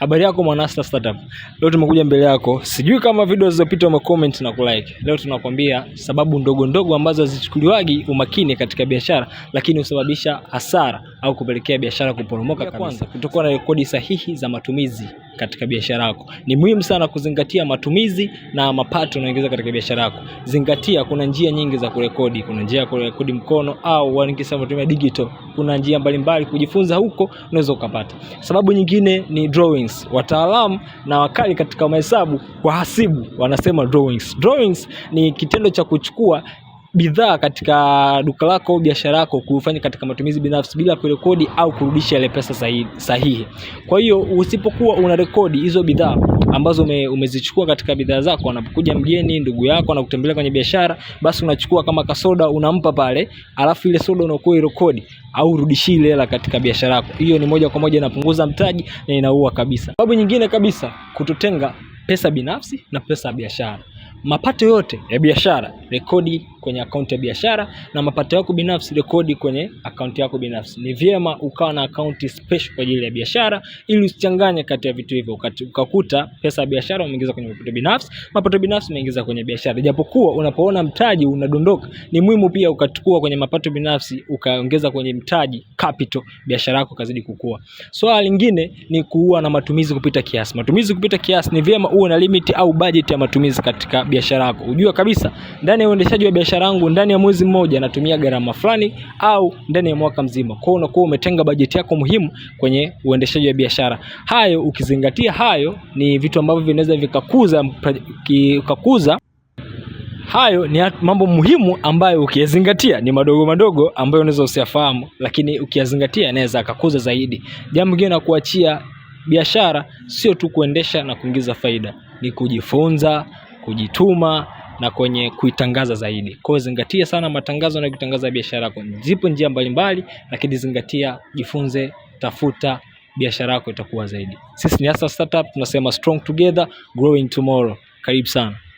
Habari yako Mwanasta Startup. Leo tumekuja mbele yako. Sijui kama video zilizopita umecomment na kulike. Leo tunakwambia sababu ndogo ndogo ambazo hazichukuliwagi umakini katika biashara lakini husababisha hasara au kupelekea biashara kuporomoka kabisa. Kwanza, kutokuwa na rekodi sahihi za matumizi katika biashara yako. Ni muhimu sana kuzingatia matumizi na mapato unayoingiza katika biashara yako. Zingatia kuna njia nyingi za kurekodi. Kuna njia ya kurekodi mkono au wanakisema tumia digital. Kuna njia mbalimbali kujifunza huko unaweza ukapata. Sababu nyingine ni drawings drawings. Wataalamu na wakali katika mahesabu, wahasibu wanasema drawings. Drawings ni kitendo cha kuchukua bidhaa katika duka lako au biashara yako kufanya katika matumizi binafsi bila kurekodi au kurudisha ile pesa sahihi. Kwa hiyo usipokuwa una rekodi hizo bidhaa ambazo ume, umezichukua katika bidhaa zako. Anapokuja mgeni ndugu yako anakutembelea kwenye biashara, basi unachukua kama kasoda unampa pale, alafu ile soda unakuwa irekodi au rudishi ile hela katika biashara yako. Hiyo ni moja kwa moja inapunguza mtaji na inaua kabisa. Sababu nyingine kabisa, kutotenga pesa binafsi na pesa ya biashara. Mapato yote ya biashara rekodi kwenye akaunti ya biashara, na mapato yako binafsi rekodi kwenye akaunti yako binafsi. Ni vyema ukawa na akaunti special kwa ajili ya biashara, ili usichanganye kati ya vitu hivyo, ukakuta pesa ya biashara umeingiza kwenye mapato binafsi, mapato binafsi umeingiza kwenye biashara. Japokuwa unapoona mtaji unadondoka, ni muhimu pia ukachukua kwenye mapato binafsi ukaongeza kwenye mtaji capital, biashara yako kazidi kukua. Swala so, lingine ni kuwa na matumizi kupita kiasi. Matumizi kupita kiasi, ni vyema uwe na limit au budget ya matumizi katika biashara yako. Ujue kabisa ndani ya uendeshaji wa biashara yangu ndani ya mwezi mmoja natumia gharama fulani au ndani ya mwaka mzima. Kwa hiyo unakuwa umetenga bajeti yako muhimu kwenye uendeshaji wa biashara. Hayo ukizingatia hayo ni vitu ambavyo vinaweza vikakuza vikakuza hayo ni mambo muhimu ambayo ukiyazingatia ni madogo madogo ambayo unaweza usiyafahamu, lakini ukiyazingatia yanaweza akakuza zaidi. Jambo lingine na kuachia biashara sio tu kuendesha na kuingiza faida, ni kujifunza, kujituma na kwenye kuitangaza zaidi. Kwa hiyo zingatia sana matangazo na kutangaza biashara yako. Zipo njia mbalimbali, lakini zingatia, jifunze, tafuta biashara yako itakuwa zaidi. Sisi ni Hustler Startup, tunasema strong together, growing tomorrow. Karibu sana.